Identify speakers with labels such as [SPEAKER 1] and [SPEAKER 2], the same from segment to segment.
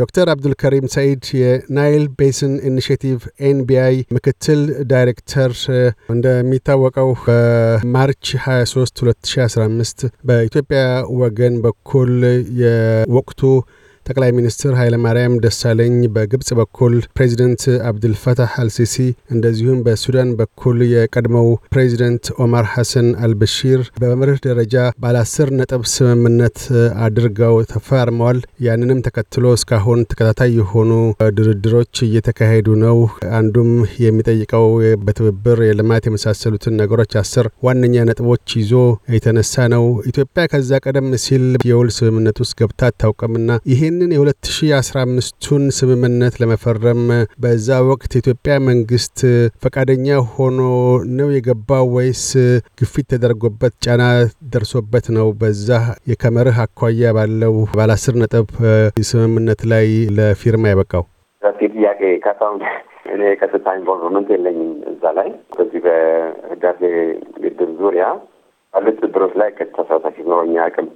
[SPEAKER 1] ዶክተር አብዱልከሪም ሰይድ የናይል ቤስን ኢኒሽቲቭ ኤንቢአይ ምክትል ዳይሬክተር፣ እንደሚታወቀው በማርች 23 2015 በኢትዮጵያ ወገን በኩል የወቅቱ ጠቅላይ ሚኒስትር ኃይለማርያም ደሳለኝ በግብጽ በኩል ፕሬዚደንት አብድልፈታህ አልሲሲ እንደዚሁም በሱዳን በኩል የቀድሞው ፕሬዚደንት ኦማር ሐሰን አልበሺር በመርህ ደረጃ ባለ አስር ነጥብ ስምምነት አድርገው ተፈራርመዋል። ያንንም ተከትሎ እስካሁን ተከታታይ የሆኑ ድርድሮች እየተካሄዱ ነው። አንዱም የሚጠይቀው በትብብር የልማት የመሳሰሉትን ነገሮች አስር ዋነኛ ነጥቦች ይዞ የተነሳ ነው። ኢትዮጵያ ከዛ ቀደም ሲል የውል ስምምነት ውስጥ ገብታ አታውቅምና ይሄን ይህንን የ2015ቱን ስምምነት ለመፈረም በዛ ወቅት የኢትዮጵያ መንግስት ፈቃደኛ ሆኖ ነው የገባው ወይስ ግፊት ተደርጎበት ጫና ደርሶበት ነው? በዛ የከመርህ አኳያ ባለው ባለ አስር ነጥብ ስምምነት ላይ ለፊርማ ያበቃው?
[SPEAKER 2] ጥያቄ እኔ ቀጥታ ኢንቮልቭመንት የለኝም እዛ ላይ በዚህ በህዳሴ ግድብ ዙሪያ ባሉት ችግሮች ላይ ተሳታፊ ኖሮኛ አቅም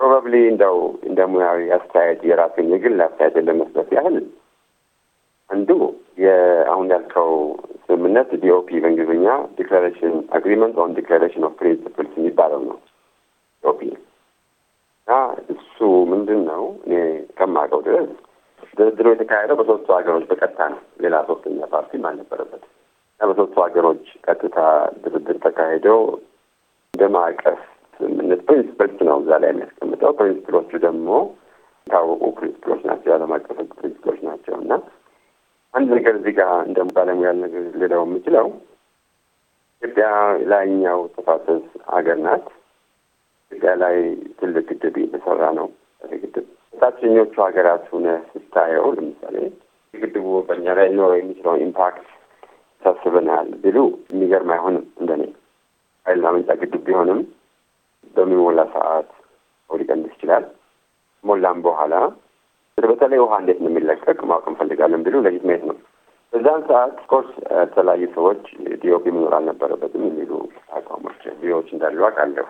[SPEAKER 2] ፕሮባብሊ እንደው እንደ ሙያዊ አስተያየት የራሴን የግል አስተያየት ለመስጠት ያህል አንዱ የአሁን ያልከው ስምምነት ዲኦፒ በእንግሊዝኛ ዲክላሬሽን አግሪመንት ኦን ዲክላሬሽን ኦፍ ፕሪንስፕልስ የሚባለው ነው። ዲኦፒ እና እሱ ምንድን ነው? እኔ ከማውቀው ድረስ ድርድሮ የተካሄደው በሶስቱ ሀገሮች በቀጥታ ነው። ሌላ ሶስተኛ ፓርቲም አልነበረበት እና በሶስቱ ሀገሮች ቀጥታ ድርድር ተካሄደው እንደ ማዕቀፍ ስምምነት ፕሪንስፕልስ ነው እዛ ላይ የሚያስቀምጠው። ፕሪንስፕሎቹ ደግሞ የታወቁ ፕሪንስፕሎች ናቸው፣ የዓለም አቀፍ ሕግ ፕሪንስፕሎች ናቸው እና አንድ ነገር እዚህ ጋር እንደ ባለሙያ ነገር ልለው የምችለው ኢትዮጵያ ላይኛው ተፋሰስ ሀገር ናት። ኢትዮጵያ ላይ ትልቅ ግድብ እየተሰራ ነው። ግድብ ታችኞቹ ሀገራት ሆነ ስታየው ለምሳሌ ግድቡ በእኛ ላይ ሊኖረው የሚችለው ኢምፓክት ታስበናል ቢሉ የሚገርም አይሆንም። እንደኔ ኃይል ማመንጫ ግድብ ቢሆንም በሚሞላ ሰዓት ሰው ሊቀንስ ይችላል። ሞላም በኋላ በተለይ ውሃ እንዴት ነው የሚለቀቅ ማወቅ እንፈልጋለን ቢሉ ለይት ማየት ነው። በዛን ሰዓት ኮርስ የተለያዩ ሰዎች ዲኦፒ መኖር አልነበረበትም የሚሉ አቋሞች ቢሮዎች እንዳሉ አውቃለሁ።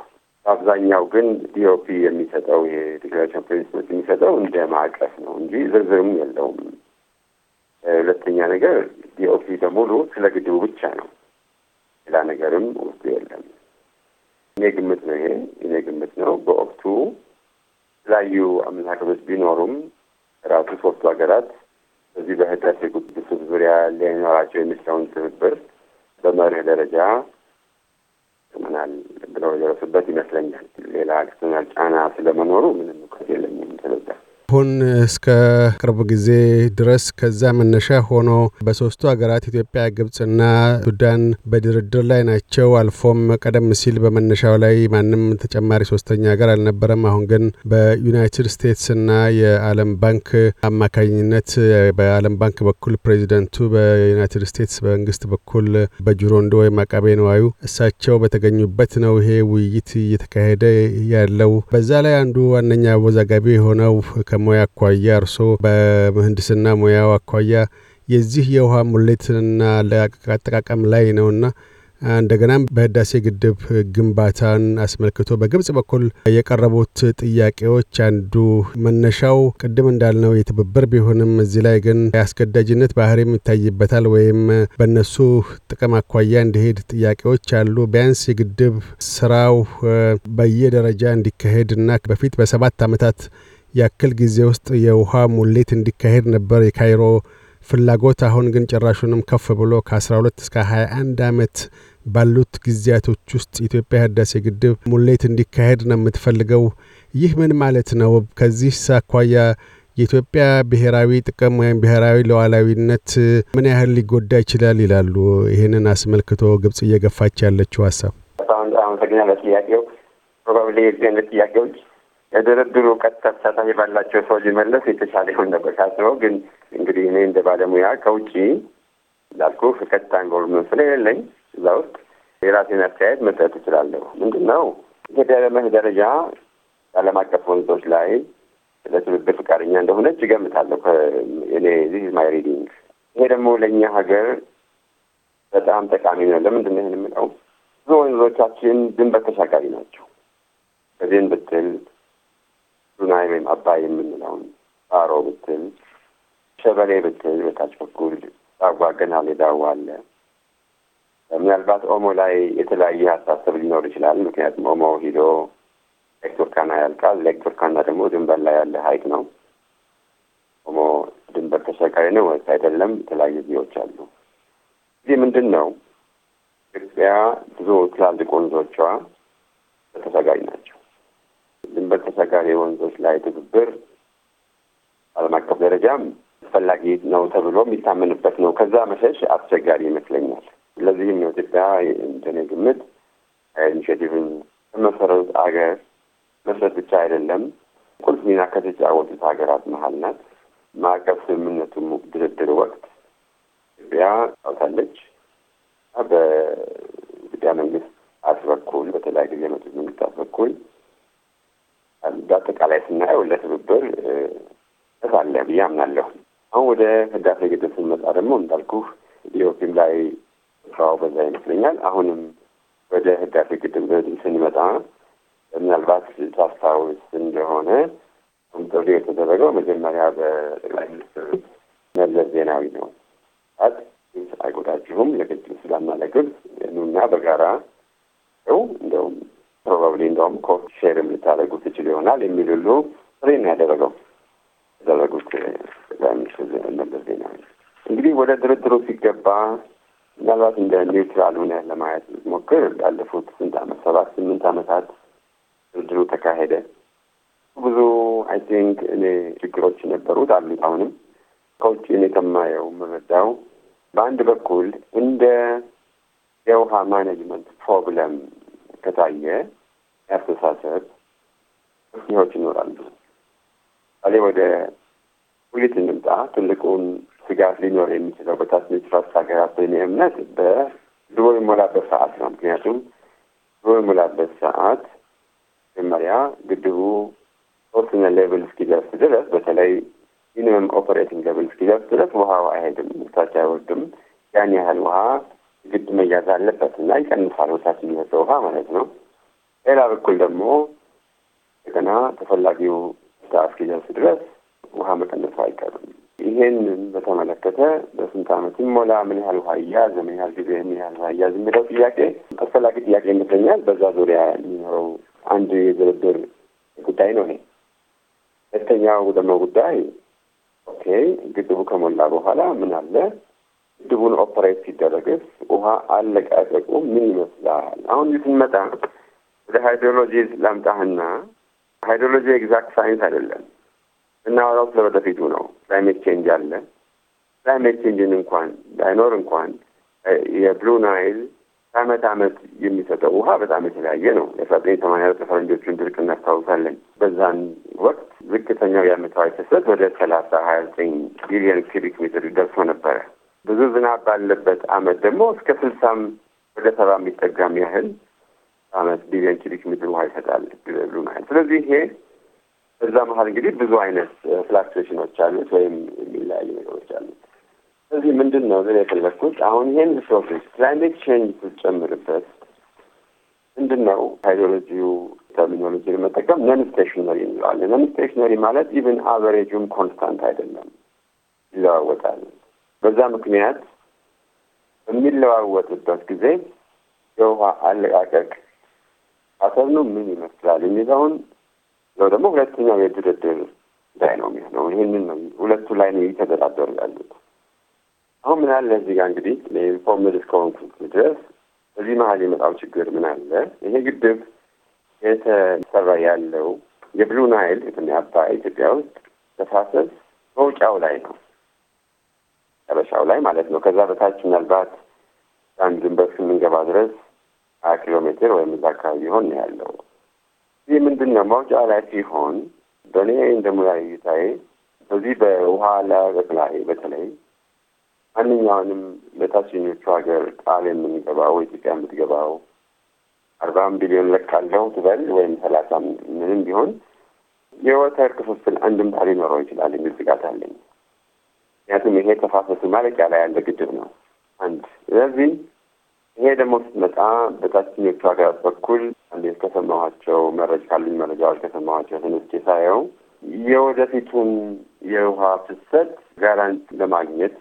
[SPEAKER 2] በአብዛኛው ግን ዲኦፒ የሚሰጠው የዲክላሬሽን ፕሪንስፕልስ የሚሰጠው እንደ ማዕቀፍ ነው እንጂ ዝርዝርም የለውም። ሁለተኛ ነገር ዲኦፒ በሙሉ ስለ ግድቡ ብቻ ነው፣ ሌላ ነገርም ውስጡ የለም። እኔ ግምት ነው ይሄ እኔ ግምት ነው። በወቅቱ የተለያዩ አመለካከቶች ቢኖሩም ራሱ ሶስቱ ሀገራት በዚህ በህዳሴ ግድብ ዙሪያ ሊኖራቸው የሚችለውን ትብብር በመርህ ደረጃ ምናል ብለው የደረሱበት ይመስለኛል። ሌላ ክስተናል ጫና ስለመኖሩ ምንም
[SPEAKER 1] እውቀት የለኝም። አሁን እስከ ቅርብ ጊዜ ድረስ ከዛ መነሻ ሆኖ በሶስቱ ሀገራት ኢትዮጵያ፣ ግብፅና ሱዳን በድርድር ላይ ናቸው። አልፎም ቀደም ሲል በመነሻው ላይ ማንም ተጨማሪ ሶስተኛ ሀገር አልነበረም። አሁን ግን በዩናይትድ ስቴትስና የዓለም ባንክ አማካኝነት በዓለም ባንክ በኩል ፕሬዚደንቱ በዩናይትድ ስቴትስ በመንግስት በኩል በጁሮንዶ ወይም አቃቤ ነዋዩ እሳቸው በተገኙበት ነው ይሄ ውይይት እየተካሄደ ያለው። በዛ ላይ አንዱ ዋነኛ አወዛጋቢ የሆነው ከሙያ አኳያ እርሶ በምህንድስና ሙያው አኳያ የዚህ የውሃ ሙሌትና ለአጠቃቀም ላይ ነውና እንደገናም በህዳሴ ግድብ ግንባታን አስመልክቶ በግብጽ በኩል የቀረቡት ጥያቄዎች አንዱ መነሻው ቅድም እንዳልነው የትብብር ቢሆንም እዚህ ላይ ግን የአስገዳጅነት ባህሪም ይታይበታል፣ ወይም በእነሱ ጥቅም አኳያ እንዲሄድ ጥያቄዎች አሉ። ቢያንስ የግድብ ስራው በየደረጃ እንዲካሄድ እና በፊት በሰባት ዓመታት ያክል ጊዜ ውስጥ የውሃ ሙሌት እንዲካሄድ ነበር የካይሮ ፍላጎት። አሁን ግን ጭራሹንም ከፍ ብሎ ከ12 እስከ 21 ዓመት ባሉት ጊዜያቶች ውስጥ ኢትዮጵያ ህዳሴ ግድብ ሙሌት እንዲካሄድ ነው የምትፈልገው። ይህ ምን ማለት ነው? ከዚህ አኳያ የኢትዮጵያ ብሔራዊ ጥቅም ወይም ብሔራዊ ሉዓላዊነት ምን ያህል ሊጎዳ ይችላል ይላሉ። ይህንን አስመልክቶ ግብጽ እየገፋች ያለችው ሀሳብ።
[SPEAKER 2] አመሰግናለሁ። ጥያቄው ፕሮባብሊ ጥያቄዎች ከድርድሩ ቀጥታ ተሳታፊ ባላቸው ሰው ሊመለስ የተሻለ ይሆን ነበር ሳስበው። ግን እንግዲህ እኔ እንደ ባለሙያ ከውጭ እንዳልኩ ቀጥታ ኢንቮልቭመንት ስለሌለኝ እዛ ውስጥ የራሴን አስተያየት መስጠት እችላለሁ። ምንድን ነው ኢትዮጵያ በመርህ ደረጃ ዓለም አቀፍ ወንዞች ላይ ለትብብር ፈቃደኛ እንደሆነች እገምታለሁ። እኔ ዚስ ማይ ሪዲንግ። ይሄ ደግሞ ለእኛ ሀገር በጣም ጠቃሚ ነው። ለምንድን ነው ይህን የምለው? ብዙ ወንዞቻችን ድንበር ተሻጋሪ ናቸው። ከዚህን ብትል ዱናይ ወይም አባይ የምንለውን ባሮ ብትል፣ ሸበሌ ብትል በታች በኩል ዳዋ ገናሌ አለ። ምናልባት ኦሞ ላይ የተለያየ አሳሰብ ሊኖር ይችላል። ምክንያቱም ኦሞ ሂዶ ሌክ ቱርካና ያልቃል። ሌክ ቱርካና ደግሞ ድንበር ላይ ያለ ሀይቅ ነው። ኦሞ ድንበር ተሻጋሪ ነው ወይስ አይደለም? የተለያዩ ዜዎች አሉ። እዚህ ምንድን ነው ኢትዮጵያ ብዙ ትላልቅ ወንዞቿ ተሻጋሪ ናቸው። ድንበር ተሻጋሪ ወንዞች ላይ ትብብር ዓለም አቀፍ ደረጃም አስፈላጊ ነው ተብሎ የሚታመንበት ነው። ከዛ መሸሽ አስቸጋሪ ይመስለኛል። ለዚህም ነው ኢትዮጵያ እንደኔ ግምት ኢኒሽቲቭን ከመሰረቱት ሀገር መስረት ብቻ አይደለም ቁልፍ ሚና ከተጫወቱት ሀገራት መሀል ናት። ማዕቀፍ ስምምነቱ ድርድር ወቅት ኢትዮጵያ አውታለች። በኢትዮጵያ መንግስት አስበኩል በተለያየ ጊዜ መጡት መንግስት አስበኩል በአጠቃላይ ስናየው ለትብብር እሳለ ብዬ አምናለሁ። አሁን ወደ ህዳሴ ግድብ ስንመጣ ደግሞ እንዳልኩ ኢዮፒም ላይ ስራው በዛ ይመስለኛል። አሁንም ወደ ህዳሴ ግድብ ስንመጣ ምናልባት ታስታውስ እንደሆነ ጥሪ የተደረገው መጀመሪያ በጠቅላይ ሚኒስትር መለስ ዜናዊ ነው። ት አይጎዳችሁም ለግድብ ሰላምና ኑና በጋራ ው እንደውም ፕሮባብሊ እንደውም ኮስት ሼርም ልታደርጉ ትችል ይሆናል የሚል ሁሉ ጥሪ ነው ያደረገው ያደረጉት ጠቅላይ ሚኒስትር መለስ ዜናዊ። እንግዲህ ወደ ድርድሩ ሲገባ ምናልባት እንደ ኒውትራል ሆነህ ለማየት ሞክር። ያለፉት ስንት አመት ሰባት ስምንት አመታት ድርድሩ ተካሄደ። ብዙ አይ ቲንክ እኔ ችግሮች ነበሩት አሉት። አሁንም ከውጭ እኔ ከማየው የምረዳው በአንድ በኩል እንደ የውሃ ማኔጅመንት ፕሮብለም ከታየ ያስተሳሰብ ህዎች ይኖራሉ። አሌ ወደ ሁሊት እንምጣ። ትልቁን ስጋት ሊኖር የሚችለው በታችኞቹ ፈርስ ሀገራት በእኔ እምነት በድሮ የሞላበት ሰዓት ነው። ምክንያቱም ድሮ የሞላበት ሰዓት መጀመሪያ ግድቡ ሶስተኛ ሌቭል እስኪደርስ ድረስ በተለይ ሚኒመም ኦፐሬቲንግ ሌቭል እስኪደርስ ድረስ ውሃው አይሄድም፣ ታች አይወርድም። ያን ያህል ውሃ ግድ መያዝ አለበት እና ይቀንሳል፣ ወታች የሚወጣ ውሃ ማለት ነው። ሌላ በኩል ደግሞ ገና ተፈላጊው እስኪደርስ ድረስ ውሃ መቀነሱ አይቀርም። ይሄንን በተመለከተ በስንት ዓመት ሞላ ምን ያህል ውሃ እያዝ ምን ያህል ጊዜ ምን ያህል ውሃ እያዝ የሚለው ጥያቄ አስፈላጊ ጥያቄ ይመስለኛል። በዛ ዙሪያ የሚኖረው አንድ የድርድር ጉዳይ ነው። ይሄ ሁለተኛው ደግሞ ጉዳይ ኦኬ፣ ግድቡ ከሞላ በኋላ ምን አለ ግድቡን ኦፐሬት ሲደረግስ ውሃ አለቃቀቁ ምን ይመስላል? አሁን ስንመጣ ወደ ሃይድሮሎጂ ላምጣህና ሃይድሮሎጂ ኤግዛክት ሳይንስ አይደለም። እናወራው ስለ ወደፊቱ ነው። ክላይሜት ቼንጅ አለ። ክላይሜት ቼንጅን እንኳን ላይኖር እንኳን የብሉ ናይል ከአመት አመት የሚሰጠው ውሃ በጣም የተለያየ ነው። የአስራ ዘጠኝ ሰማንያ ዘጠኝ ፈረንጆቹን ድርቅ እናስታውሳለን። በዛን ወቅት ዝቅተኛው የአመታዊ ፍሰት ወደ ሰላሳ ሀያ ዘጠኝ ቢሊዮን ኪቢክ ሜትር ደርሶ ነበረ። ብዙ ዝናብ ባለበት አመት ደግሞ እስከ ስልሳም ወደ ሰባ የሚጠጋም ያህል አመት ቢሊዮን ኪቢክ ሜትር ውሃ ይሰጣል ብለውናል። ስለዚህ ይሄ እዛ መሀል እንግዲህ ብዙ አይነት ፍላክቹዌሽኖች አሉት ወይም የሚለያዩ ነገሮች አሉት። ስለዚህ ምንድን ነው ዝ የፈለግኩት አሁን ይሄን ፕሮሴስ ክላይሜት ቼንጅ ስትጨምርበት ምንድን ነው ሃይድሮሎጂው ተርሚኖሎጂ ለመጠቀም ነን ስቴሽነሪ እንለዋለን። ነን ስቴሽነሪ ማለት ኢቨን አቨሬጁም ኮንስታንት አይደለም፣ ይለዋወጣል። በዛ ምክንያት በሚለዋወጥበት ጊዜ የውሃ አለቃቀቅ አሰብ ነው ምን ይመስላል የሚለውን ነው ደግሞ ሁለተኛው የድርድር ላይ ነው የሚሆነው። ይህንን ነው ሁለቱ ላይ ነው እየተደራደሩ ያሉት። አሁን ምን አለ እዚህ ጋር እንግዲህ ኢንፎርምድ እስከሆንኩ ድረስ በዚህ መሀል የመጣው ችግር ምን አለ? ይሄ ግድብ የተሰራ ያለው የብሉ ናይል አባይ ኢትዮጵያ ውስጥ ተፋሰስ መውጫው ላይ ነው ጨረሻው ላይ ማለት ነው። ከዛ በታች ምናልባት አንድ ድንበር እስክንገባ ድረስ ሀያ ኪሎ ሜትር ወይም እዛ አካባቢ ይሆን ያለው። ይህ ምንድን ነው ማውጫ ላይ ሲሆን በእኔ እንደ ሙያ እይታዬ በዚህ በውሃ አለቃቀቅ ላይ በተለይ ማንኛውንም ለታችኞቹ ሀገር ቃል የምንገባው ኢትዮጵያ የምትገባው አርባም ቢሊዮን ለካለው ትበል ወይም ሰላሳ ምንም ቢሆን የወተር ክፍፍል አንድምታ ሊኖረው ይችላል የሚል ስጋት አለኝ። ምክንያቱም ይሄ ተፋሰሱ ማለቂያ ላይ ያለ ግድብ ነው አንድ ስለዚህ ይሄ ደግሞ ስትመጣ በታችኞቹ ሀገራት በኩል እንዴት ከሰማኋቸው መረጃ ካሉኝ መረጃዎች ከሰማኋቸው ተነስቼ ሳየው የወደፊቱን የውሃ ፍሰት ጋራንት ለማግኘት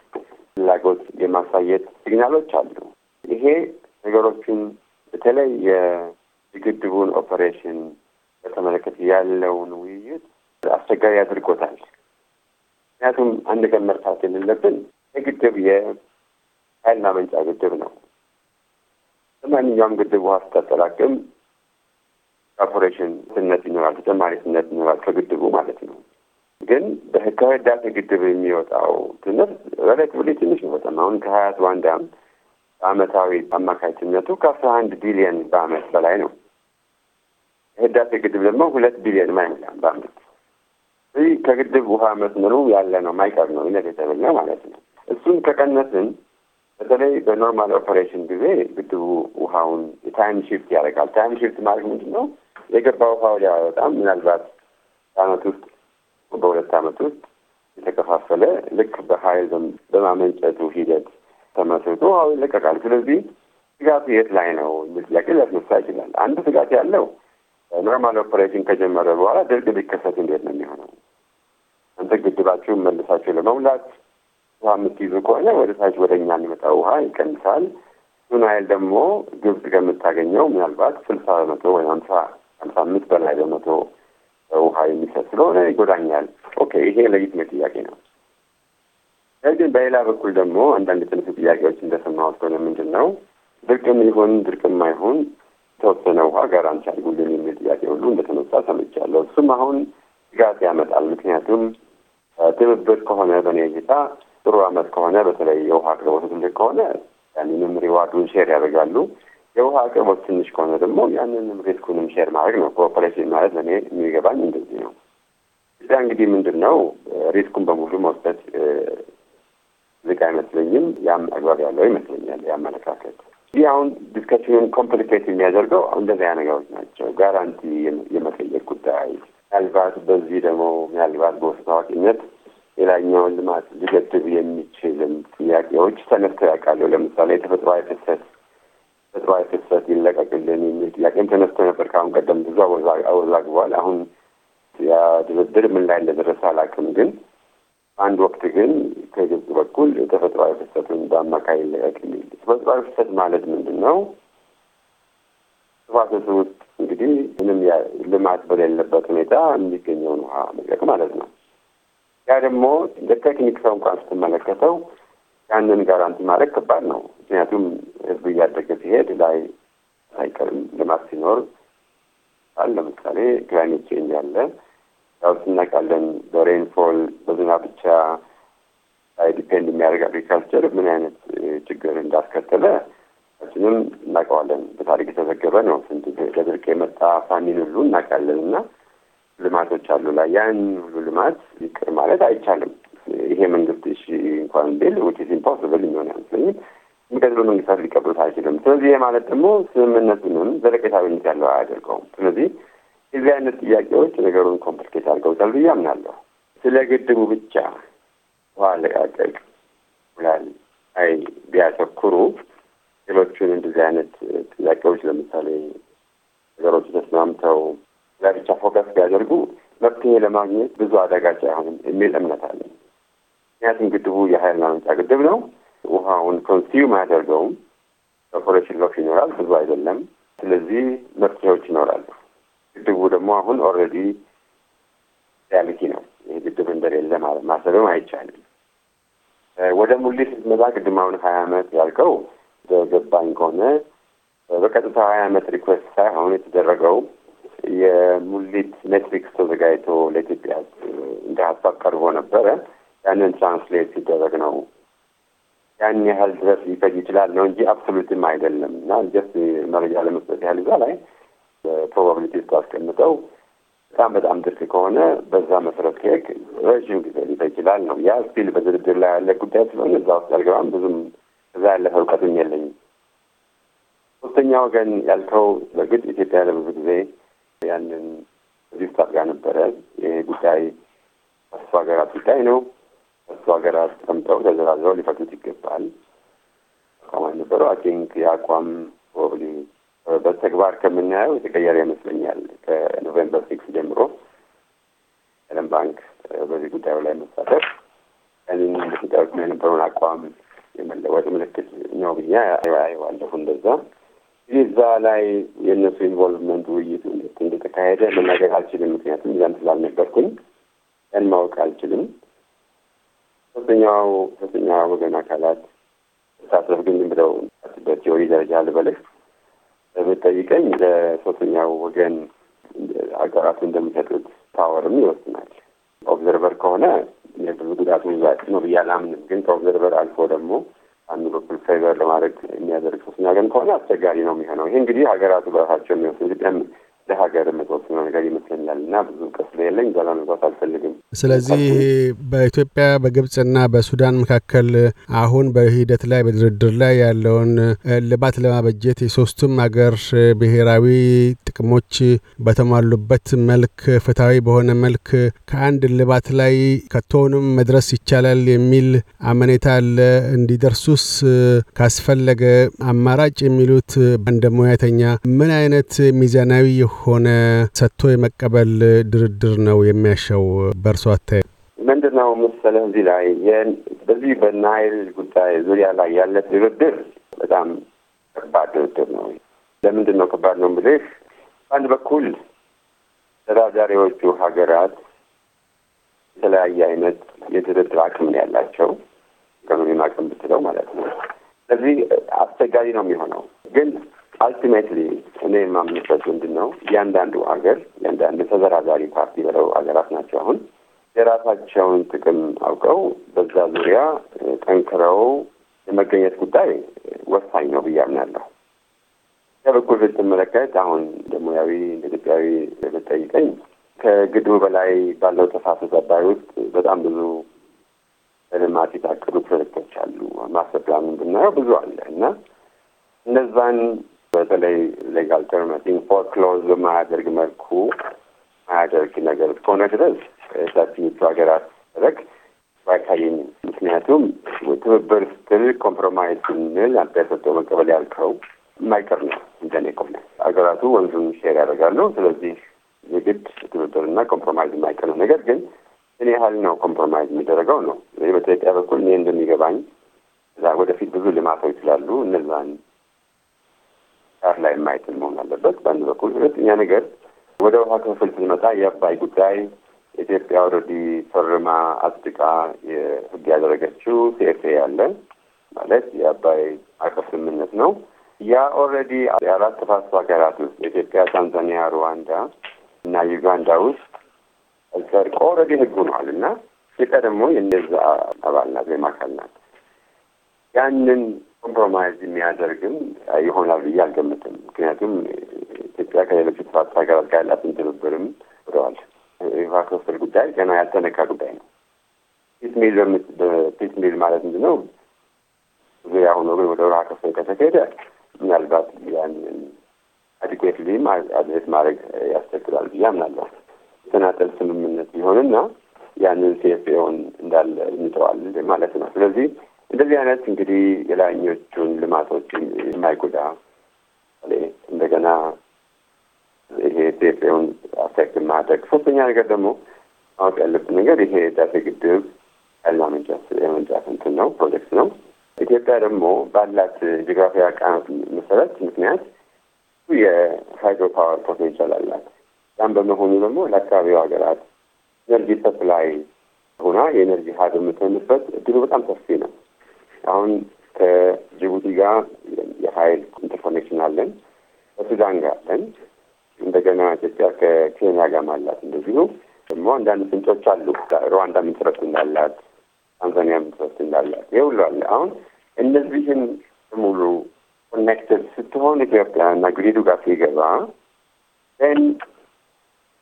[SPEAKER 2] ፍላጎት የማሳየት ሲግናሎች አሉ። ይሄ ነገሮችን በተለይ የግድቡን ኦፐሬሽን በተመለከተ ያለውን ውይይት አስቸጋሪ አድርጎታል። ምክንያቱም አንድ ቀን መርሳት የሌለብን የግድብ የኃይል ማመንጫ ግድብ ነው። ማንኛውም ግድብ ውሃ ስታጠራቅም ኮርፖሬሽን ስነት ይኖራል፣ ተጨማሪ ስነት ይኖራል ከግድቡ ማለት ነው። ግን ከህዳሴ ግድብ የሚወጣው ትነት ሬሌቲቭሊ ትንሽ ይወጣም። አሁን ከሀያት ዋንዳም አመታዊ አማካይ ትነቱ ከአስራ አንድ ቢሊየን በአመት በላይ ነው። ህዳሴ ግድብ ደግሞ ሁለት ቢሊየን አይሞላም በአመት ከግድብ ውሃ መስመሩ ያለ ነው ማይቀር ነው ኢነፌተብል ነው ማለት ነው። እሱን ከቀነስን በተለይ በኖርማል ኦፐሬሽን ጊዜ ግድቡ ውሃውን ታይም ሺፍት ያደርጋል። ታይም ሺፍት ማለት ምንድን ነው? የገባ ውሃ ወዲያ በጣም ምናልባት በአመት ውስጥ በሁለት አመት ውስጥ የተከፋፈለ ልክ በሀይል በማመንጨቱ ሂደት ተመስርቶ ውሃው ይለቀቃል። ስለዚህ ስጋቱ የት ላይ ነው የሚል ጥያቄ ሊያስነሳ ይችላል። አንድ ስጋት ያለው ኖርማል ኦፐሬሽን ከጀመረ በኋላ ድርቅ ሊከሰት እንዴት ነው የሚሆነው? አንተ ግድባችሁን መልሳችሁ ለመሙላት ውሃ የምትይዙ ከሆነ ወደ ታች ወደ እኛ የሚመጣው ውሃ ይቀንሳል። ምን ያህል ደግሞ ግብጽ ከምታገኘው ምናልባት ስልሳ በመቶ ወይ ሀምሳ ሀምሳ አምስት በላይ በመቶ ውሃ የሚሰጥ ስለሆነ ይጎዳኛል። ኦኬ ይሄ ለጊትሜት ጥያቄ ነው። ግን በሌላ በኩል ደግሞ አንዳንድ ትንሽ ጥያቄዎች እንደሰማሁት ከሆነ ምንድን ነው ድርቅም ይሁን ድርቅም አይሁን የተወሰነ ውሃ ጋራንቲ አድርጉልን የሚል ጥያቄ ሁሉ እንደተነሳ ሰምቻለሁ። እሱም አሁን ስጋት ያመጣል። ምክንያቱም ትብብር ከሆነ በእኔ እይታ ጥሩ አመት ከሆነ በተለይ የውሃ አቅርቦት ትልቅ ከሆነ ያንንም ሪዋርዱን ሼር ያደርጋሉ። የውሃ አቅርቦት ትንሽ ከሆነ ደግሞ ያንንም ሪስኩንም ሼር ማድረግ ነው። ኮኦፐሬሽን ማለት ለእኔ የሚገባኝ እንደዚህ ነው። እዚያ እንግዲህ ምንድን ነው ሪስኩን በሙሉ መውሰድ ዝቅ አይመስለኝም። ያም አግባብ ያለው ይመስለኛል ያመለካከት። ይህ አሁን ዲስከሽኑን ኮምፕሊኬት የሚያደርገው እንደዚያ ነገሮች ናቸው። ጋራንቲ የመጠየቅ ጉዳይ ምናልባት በዚህ ደግሞ ምናልባት በውስጥ ታዋቂነት ሌላኛውን ልማት ሊገድብ የሚችልም ጥያቄዎች ተነስተው ያውቃሉ። ለምሳሌ የተፈጥሯዊ ፍሰት ተፈጥሯዊ ፍሰት ይለቀቅልን የሚል ጥያቄም ተነስቶ ነበር። ከአሁን ቀደም ብዙ አወዛግቧል። አሁን ያ ድርድር ምን ላይ እንደደረሰ አላውቅም። ግን አንድ ወቅት ግን ከግብጽ በኩል ተፈጥሯዊ ፍሰቱን በአማካይ ይለቀቅ የሚል ተፈጥሯዊ ፍሰት ማለት ምንድን ነው? ተፋሰሱ ውስጥ እንግዲህ ምንም ልማት በሌለበት ሁኔታ የሚገኘውን ውሃ መልቀቅ ማለት ነው። ያ ደግሞ በቴክኒክ ሰው እንኳን ስትመለከተው ያንን ጋራንቲ ማድረግ ከባድ ነው። ምክንያቱም ህዝብ እያደገ ሲሄድ ላይ አይቀርም ልማት ሲኖር ል ለምሳሌ ክላይሜት ቼንጅ አለ። ያው እናውቃለን በሬንፎል በዝናብ ብቻ ላይ ዲፔንድ የሚያደርግ አግሪካልቸር ምን አይነት ችግር እንዳስከተለ ችንም እናውቀዋለን። በታሪክ የተዘገበ ነው። ስንት ለድርቅ የመጣ ፋሚን ሁሉ እናውቃለን። እና ልማቶች አሉ ላይ ያን ሁሉ ልማት ይቅር ማለት አይቻልም። ይሄ መንግስት እሺ እንኳን ቢል ውጭ ኢምፖስብል የሚሆን አይመስለኝም። የሚቀጥሉ መንግስታት ሊቀብሉት አይችልም። ስለዚህ ይሄ ማለት ደግሞ ስምምነቱንም ዘለቄታዊነት ያለው አያደርገውም። ስለዚህ የዚህ አይነት ጥያቄዎች ነገሩን ኮምፕሊኬት አድርገውታል ብዬ አምናለሁ። ስለ ግድቡ ብቻ ውሃ አለቃቀቅ ላል አይ ቢያተኩሩ ሌሎቹን እንደዚህ አይነት ጥያቄዎች ለምሳሌ ነገሮች ተስማምተው ለብቻ ፎከስ ቢያደርጉ መፍትሄ ለማግኘት ብዙ አዳጋች አይሆንም የሚል እምነት አለን። ምክንያቱም ግድቡ የሀይል ማመንጫ ግድብ ነው። ውሃውን ኮንሲዩም አያደርገውም። ኮርፖሬሽን ሎክ ይኖራል፣ ብዙ አይደለም። ስለዚህ መፍትሄዎች ይኖራሉ። ግድቡ ደግሞ አሁን ኦልሬዲ ሪያሊቲ ነው። ይህ ግድብ እንደሌለ ማሰብም አይቻልም። ወደ ሙሊት ስትመጣ ግድም አሁን ሀያ አመት ያልከው በገባኝ ከሆነ በቀጥታ ሀያ አመት ሪኩዌስት ሳይሆን የተደረገው የሙሊት ኔትፍሊክስ ተዘጋጅቶ ለኢትዮጵያ እንደ ሀሳብ ቀርቦ ነበረ። ያንን ትራንስሌት ሲደረግ ነው ያን ያህል ድረስ ሊፈጅ ይችላል ነው እንጂ አብሶሉትም አይደለም። እና ጀስት መረጃ ለመስጠት ያህል እዛ ላይ ፕሮባብሊቲ ስ አስቀምጠው በጣም በጣም ድርቅ ከሆነ በዛ መሰረት ከሄግ ረዥም ጊዜ ሊፈጅ ይችላል ነው። ያ ስቲል በድርድር ላይ ያለ ጉዳይ ስለሆነ እዛ ውስጥ ያልገባም ብዙም እዛ ያለፈ እውቀቱም የለኝም። ሶስተኛ ወገን ያልከው በእርግጥ ኢትዮጵያ ለብዙ ጊዜ ያንን እዚህ ውስጥ አድርጋ ነበረ። ይሄ ጉዳይ እሱ ሀገራት ጉዳይ ነው። እሱ ሀገራት ተቀምጠው ተዘራዝረው ሊፈቱት ይገባል አቋማ ነበረው። አይ ቲንክ የአቋም ፕሮብሊ በተግባር ከምናየው የተቀየረ ይመስለኛል። ከኖቬምበር ሲክስ ጀምሮ ዓለም ባንክ በዚህ ጉዳዩ ላይ መሳተፍ እኔም ጉዳዮች ላይ የነበረውን አቋም የመለወጥ ምልክት ነው ብዬ አየዋለሁ እንደዛ እዛ ላይ የእነሱ ኢንቮልቭመንት ውይይት እንዴት እንደተካሄደ መናገር አልችልም። ምክንያቱም እዛም ስላልነበርኩኝ ያን ማወቅ አልችልም። ሶስተኛው ሶስተኛ ወገን አካላት ተሳትረፍ ግን ብለው የወይ ደረጃ ልበልህ በምጠይቀኝ ለሶስተኛው ወገን አገራቱ እንደሚሰጡት ፓወርም ይወስናል። ኦብዘርቨር ከሆነ ብዙ ጉዳቱ ዛት ነው ብዬ አላምንም። ግን ከኦብዘርቨር አልፎ ደግሞ አንዱ በኩል ፌቨር ለማድረግ የሚያደርግ የሚያገኝ ከሆነ አስቸጋሪ ነው የሚሆነው። ይሄ እንግዲህ ሀገራቱ በራሳቸው የሚወስ ኢትዮጵያም ለሀገር የምትወስነው ነገር ይመስለኛል እና ብዙ ቀስ የለኝ ዛላ መግባት አልፈልግም። ስለዚህ
[SPEAKER 1] በኢትዮጵያ በግብጽና በሱዳን መካከል አሁን በሂደት ላይ በድርድር ላይ ያለውን ልባት ለማበጀት የሶስቱም ሀገር ብሔራዊ ጥቅሞች በተሟሉበት መልክ ፍትሐዊ በሆነ መልክ ከአንድ ልባት ላይ ከቶውንም መድረስ ይቻላል የሚል አመኔታ አለ። እንዲደርሱስ ካስፈለገ አማራጭ የሚሉት እንደ ሙያተኛ ምን አይነት ሚዛናዊ የሆነ ሰጥቶ የመቀበል ድርድር ነው የሚያሻው በእርሶ አታይ?
[SPEAKER 2] ምንድን ነው መሰለህ እዚህ ላይ በዚህ በናይል ጉዳይ ዙሪያ ላይ ያለ ድርድር በጣም ከባድ ድርድር ነው። ለምንድን ነው ከባድ ነው ብልህ በአንድ በኩል ተወዳዳሪዎቹ ሀገራት የተለያየ አይነት የድርድር አቅም ነው ያላቸው፣ ኢኮኖሚም አቅም ብትለው ማለት ነው። ስለዚህ አስቸጋሪ ነው የሚሆነው። ግን አልቲሜትሊ እኔ የማምንበት ምንድን ነው እያንዳንዱ ሀገር እያንዳንድ ተዘራዛሪ ፓርቲ በለው ሀገራት ናቸው አሁን የራሳቸውን ጥቅም አውቀው በዛ ዙሪያ ጠንክረው የመገኘት ጉዳይ ወሳኝ ነው ብዬ አምናለሁ። በኩል ብትመለከት አሁን ደሞያዊ እንደ ኢትዮጵያዊ ብትጠይቀኝ ከግድቡ በላይ ባለው ተፋሰስ አባይ ውስጥ በጣም ብዙ በልማት የታቀዱ ፕሮጀክቶች አሉ። ማስተር ፕላኑን ብናየው ብዙ አለ እና እነዛን በተለይ ሌጋል ተርም ቲንክ ፎርክሎዝ በማያደርግ መልኩ ማያደርግ ነገር እስከሆነ ድረስ ሰፊዎቹ ሀገራት ረግ ባይታየኝ ምክንያቱም ትብብር ስትል ኮምፕሮማይዝ ስንል አንተ የሰጠው መቀበል ያልከው የማይቀር ነው። እንትን የቆመ ሀገራቱ ወንዙን ሼር ያደርጋሉ። ስለዚህ የግድ ድርድርና ኮምፕሮማይዝ የማይቀር ነገር ግን ምን ያህል ነው ኮምፕሮማይዝ የሚደረገው ነው። ስለዚህ በኢትዮጵያ በኩል እኔ እንደሚገባኝ ወደፊት ብዙ ልማቶች ስላሉ እነዛን ር ላይ የማይጥል መሆን አለበት በአንድ በኩል። ሁለተኛ ነገር ወደ ውሃ ክፍል ስንመጣ የአባይ ጉዳይ ኢትዮጵያ ኦልሬዲ ፈርማ አጽድቃ የህግ ያደረገችው ሲኤፍኤ ያለ ማለት የአባይ አቀፍ ስምምነት ነው። ያ ኦልሬዲ የአራት ተፋሰስ ሀገራት ውስጥ ኢትዮጵያ፣ ታንዛኒያ፣ ሩዋንዳ እና ዩጋንዳ ውስጥ ጸድቆ ኦልሬዲ ህግ ሆኗል እና ኢትዮጵያ ደግሞ የነዛ አባል ናት ወይም አካል ናት። ያንን ኮምፕሮማይዝ የሚያደርግም ይሆናል ብዬ አልገምትም። ምክንያቱም ኢትዮጵያ ከሌሎች ተፋሰስ ሀገራት ጋር ያላትን ትብብርም ብለዋል። የፋክስር ጉዳይ ገና ያልተነካ ጉዳይ ነው። ፒስ ሚል በምት ሚል ማለት ምንድን ነው? ዙሪያ ሆኖ ግን ወደ ውሃ ከፍቶ ከተካሄደ ምናልባት ያን አዲኩዌትሊም አድሬስ ማድረግ ያስቸግራል ብዬ አምናለሁ። ተናጠል ስምምነት ቢሆንና ያንን ሲኤፍኤውን እንዳለ እንተዋል ማለት ነው። ስለዚህ እንደዚህ አይነት እንግዲህ የላይኞቹን ልማቶች የማይጎዳ እንደገና ይሄ ኢትዮጵያውን አፌክት ማድረግ። ሶስተኛ ነገር ደግሞ ማወቅ ያለብን ነገር ይሄ ዳሴ ግድብ ያላ ምንጫ የመንጫት እንትን ነው ፕሮጀክት ነው። ኢትዮጵያ ደግሞ ባላት ጂኦግራፊ አቀማመጥ መሰረት ምክንያት የሃይድሮ ፓወር ፖቴንሻል አላት። ያም በመሆኑ ደግሞ ለአካባቢው ሀገራት ኤነርጂ ሰፕላይ ሆና የኤነርጂ ሀብ የምትሆንበት እድሉ በጣም ሰፊ ነው። አሁን ከጅቡቲ ጋር የሀይል ኢንተርኮኔክሽን አለን፣ ከሱዳን ጋር አለን። እንደገና ኢትዮጵያ ከኬንያ ጋር ማላት እንደዚሁ ደግሞ አንዳንድ ፍንጮች አሉ። ሩዋንዳ ምንትረቱ እንዳላት ታንዛኒያ አለ፣ የሁሉ አለ። አሁን እነዚህን ሙሉ ኮኔክትድ ስትሆን ኢትዮጵያ ኢትዮጵያና ግሪዱ ጋር ሲገባ ን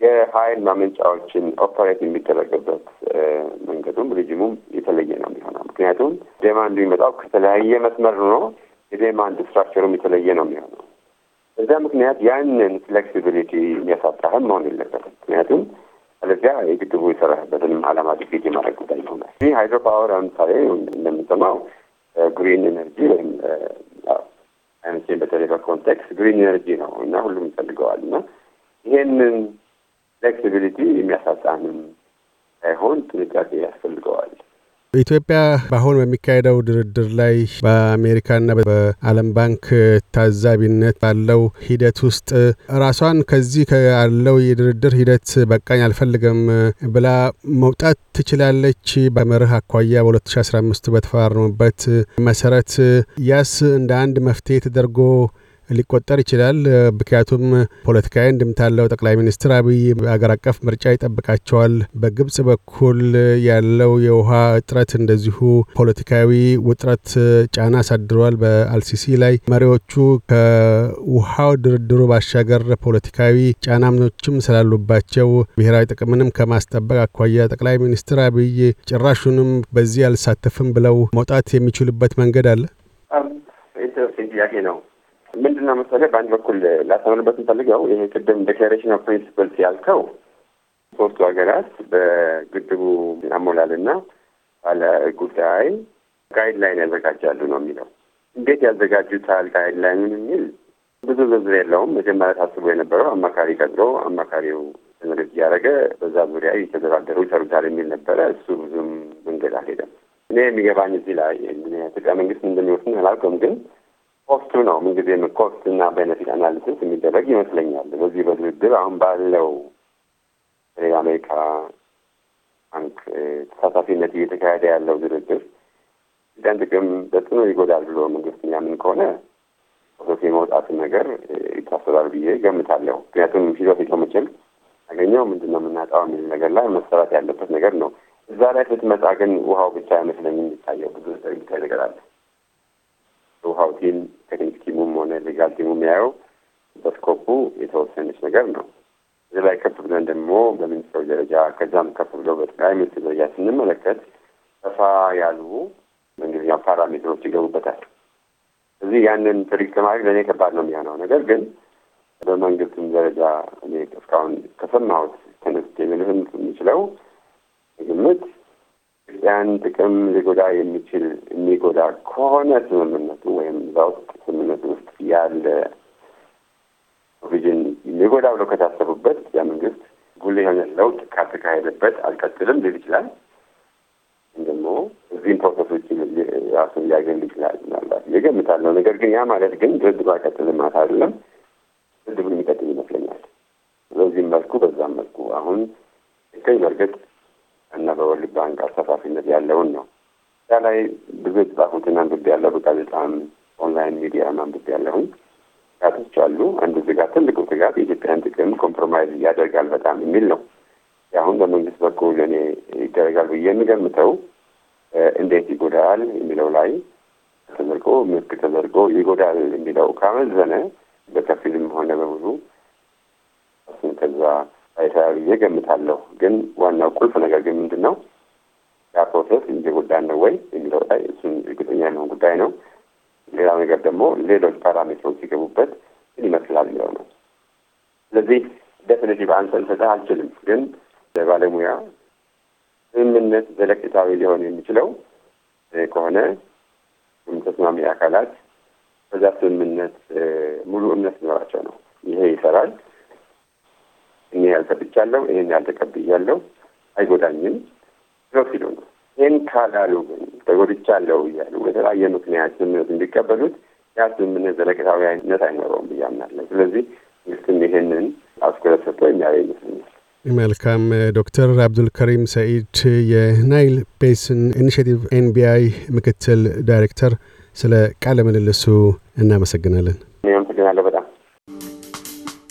[SPEAKER 2] የሀይል ማመንጫዎችን ኦፐሬት የሚደረግበት መንገዱም ሪጅሙም የተለየ ነው የሚሆነው። ምክንያቱም ዴማንዱ የሚመጣው ከተለያየ መስመር ነው። የዴማንድ ስትራክቸሩም የተለየ ነው የሚሆነው። በዛ ምክንያት ያንን ፍሌክሲቢሊቲ የሚያሳጣህም መሆን የለበትም። ምክንያቱም አለዚያ የግድቡ የሰራበትንም አላማ ዲፌት የማድረግ ጉዳይ ይሆናል። ይህ ሃይድሮ ፓወር ለምሳሌ እንደምንሰማው ግሪን ኤነርጂ ወይም አይነሴን በተለይ በኮንቴክስት ግሪን ኤነርጂ ነው እና ሁሉም ይፈልገዋል እና ይሄንን ፍሌክሲቢሊቲ የሚያሳጣንም ሳይሆን ጥንቃቄ ያስፈልገዋል።
[SPEAKER 1] ኢትዮጵያ በአሁን በሚካሄደው ድርድር ላይ በአሜሪካና በዓለም ባንክ ታዛቢነት ባለው ሂደት ውስጥ ራሷን ከዚህ ያለው የድርድር ሂደት በቃኝ አልፈልግም ብላ መውጣት ትችላለች? በመርህ አኳያ በ2015 በተፈራረሙበት መሰረት ያስ እንደ አንድ መፍትሄ ተደርጎ ሊቆጠር ይችላል። ምክንያቱም ፖለቲካዊ እንድምታ ጠቅላይ ሚኒስትር አብይ አገር አቀፍ ምርጫ ይጠብቃቸዋል። በግብጽ በኩል ያለው የውሃ እጥረት እንደዚሁ ፖለቲካዊ ውጥረት ጫና አሳድሯል በአልሲሲ ላይ። መሪዎቹ ከውሃው ድርድሩ ባሻገር ፖለቲካዊ ጫናምኖችም ስላሉባቸው ብሔራዊ ጥቅምንም ከማስጠበቅ አኳያ ጠቅላይ ሚኒስትር አብይ ጭራሹንም በዚህ አልሳተፍም ብለው መውጣት የሚችሉበት መንገድ አለ።
[SPEAKER 2] ኢንተረስቲንግ ጥያቄ ነው። ምንድነው መሰለህ በአንድ በኩል ላሰምርበት እንፈልገው ይሄ ቅድም ዴክላሬሽን ኦፍ ፕሪንሲፕልስ ያልከው ሶስቱ ሀገራት በግድቡ አሞላልና ባለ ጉዳይ ጋይድ ላይን ያዘጋጃሉ ነው የሚለው። እንዴት ያዘጋጁታል ጋይድ ላይንን የሚል ብዙ ዝርዝር የለውም። መጀመሪያ ታስቦ የነበረው አማካሪ ቀጥሮ አማካሪው ትምህርት እያደረገ በዛ ዙሪያ እየተደራደሩ ይሰሩታል የሚል ነበረ። እሱ ብዙም መንገድ አልሄደም። እኔ የሚገባኝ እዚህ ላይ ኢትዮጵያ መንግስት እንደሚወስን አላውቅም ግን ኮስቱ ነው ምንጊዜም ኮስት እና ቤነፊት አናሊሲስ የሚደረግ ይመስለኛል። በዚህ በድርድር አሁን ባለው የአሜሪካ ባንክ ተሳታፊነት እየተካሄደ ያለው ድርድር ኢትዮጵያን ጥቅም በጽኑ ይጎዳል ብሎ መንግስት የሚያምን ከሆነ ፕሮሰስ የመውጣትን ነገር ይታሰባል ብዬ ገምታለሁ። ምክንያቱም ሂደት ይቀምችል ያገኘው ምንድን ነው የምናጣው የሚል ነገር ላይ መሰራት ያለበት ነገር ነው። እዛ ላይ ስትመጣ ግን ውሃው ብቻ አይመስለኝ የሚታየው ብዙ የሚታይ ነገር አለ። ውሃው ቲን እዚህ ዲሙ የሚያየው በስኮፑ የተወሰነች ነገር ነው። እዚ ላይ ከፍ ብለን ደግሞ በሚኒስትሮች ደረጃ ከዛም ከፍ ብለው በጠቅላይ ሚኒስትር ደረጃ ስንመለከት ሰፋ ያሉ በእንግሊዝኛ ፓራሜትሮች ይገቡበታል። እዚህ ያንን ትሪክ ለማድረግ ለእኔ ከባድ ነው የሚሆነው ነገር ግን በመንግስትም ደረጃ እኔ እስካሁን ከሰማሁት ተነስቼ ልልህ የምችለው ግምት ያን ጥቅም ሊጎዳ የሚችል የሚጎዳ ከሆነ ስምምነቱ ወይም እዛ ውስጥ ስምምነቱ ውስጥ ያለ ፕሮቪዥን የሚጎዳ ብለው ከታሰቡበት ያ መንግስት ጉልህ የሆነ ለውጥ ካልተካሄደበት አልቀጥልም ሊል ይችላል። ወይም ደግሞ እዚህም ፕሮሰሶች ራሱን ሊያገል ይችላል ምናልባት እገምታለሁ። ነገር ግን ያ ማለት ግን ድርድሩ አይቀጥልም ማለት አይደለም። ድርድሩ የሚቀጥል ይመስለኛል። በዚህም መልኩ በዛም መልኩ አሁን ከኝ በእርግጥ እና በወርልድ ባንክ አሰፋፊነት ያለውን ነው። ያ ላይ ብዙ የተጻፉትን አንብቤ ያለሁ በጋዜጣም ኦንላይን ሚዲያ አንብቤ ያለሁኝ ስጋቶች አሉ። አንዱ ስጋት፣ ትልቁ ስጋት የኢትዮጵያን ጥቅም ኮምፕሮማይዝ ያደርጋል በጣም የሚል ነው። አሁን በመንግስት በኩል እኔ ይደረጋል ብዬ የምገምተው እንዴት ይጎዳል የሚለው ላይ ተደርጎ ምልክ ተደርጎ ይጎዳል የሚለው ካመዘነ በከፊልም ሆነ በብዙ ከዛ አይተሃል ብዬ ገምታለሁ። ግን ዋናው ቁልፍ ነገር ግን ምንድን ነው ያ ፕሮሰስ እየጎዳን ነው ወይ የሚለው ላይ እሱን እርግጠኛ የሚሆን ጉዳይ ነው። ሌላው ነገር ደግሞ ሌሎች ፓራሜትሮች ሲገቡበት ምን ይመስላል የሚለው ነው። ስለዚህ ዴፊኒቲቭ አንሰር ልሰጥህ አልችልም። ግን ለባለሙያ ስምምነት ዘለቂታዊ ሊሆን የሚችለው ከሆነ ተስማሚ አካላት በዛ ስምምነት ሙሉ እምነት ይኖራቸው ነው። ይሄ ይሰራል እኔ ያልተብቻለሁ፣ ይህን ያልተቀብያለሁ፣ አይጎዳኝም ነው ሲሉ ነው። ይህን ካላሉ ግን ተጎድቻለሁ እያሉ በተለያየ ምክንያት ስምምነት እንዲቀበሉት ያ ስምምነት ዘለቄታዊነት አይኖረውም ብዬ አምናለሁ። ስለዚህ መንግስትም ይህንን
[SPEAKER 1] አስኩረት ሰጥቶ የሚያለ ይመስለኛል። መልካም ዶክተር አብዱልከሪም ሰኢድ የናይል ቤስን ኢኒሽቲቭ ኤንቢአይ ምክትል ዳይሬክተር፣ ስለ ቃለ ምልልሱ እናመሰግናለን።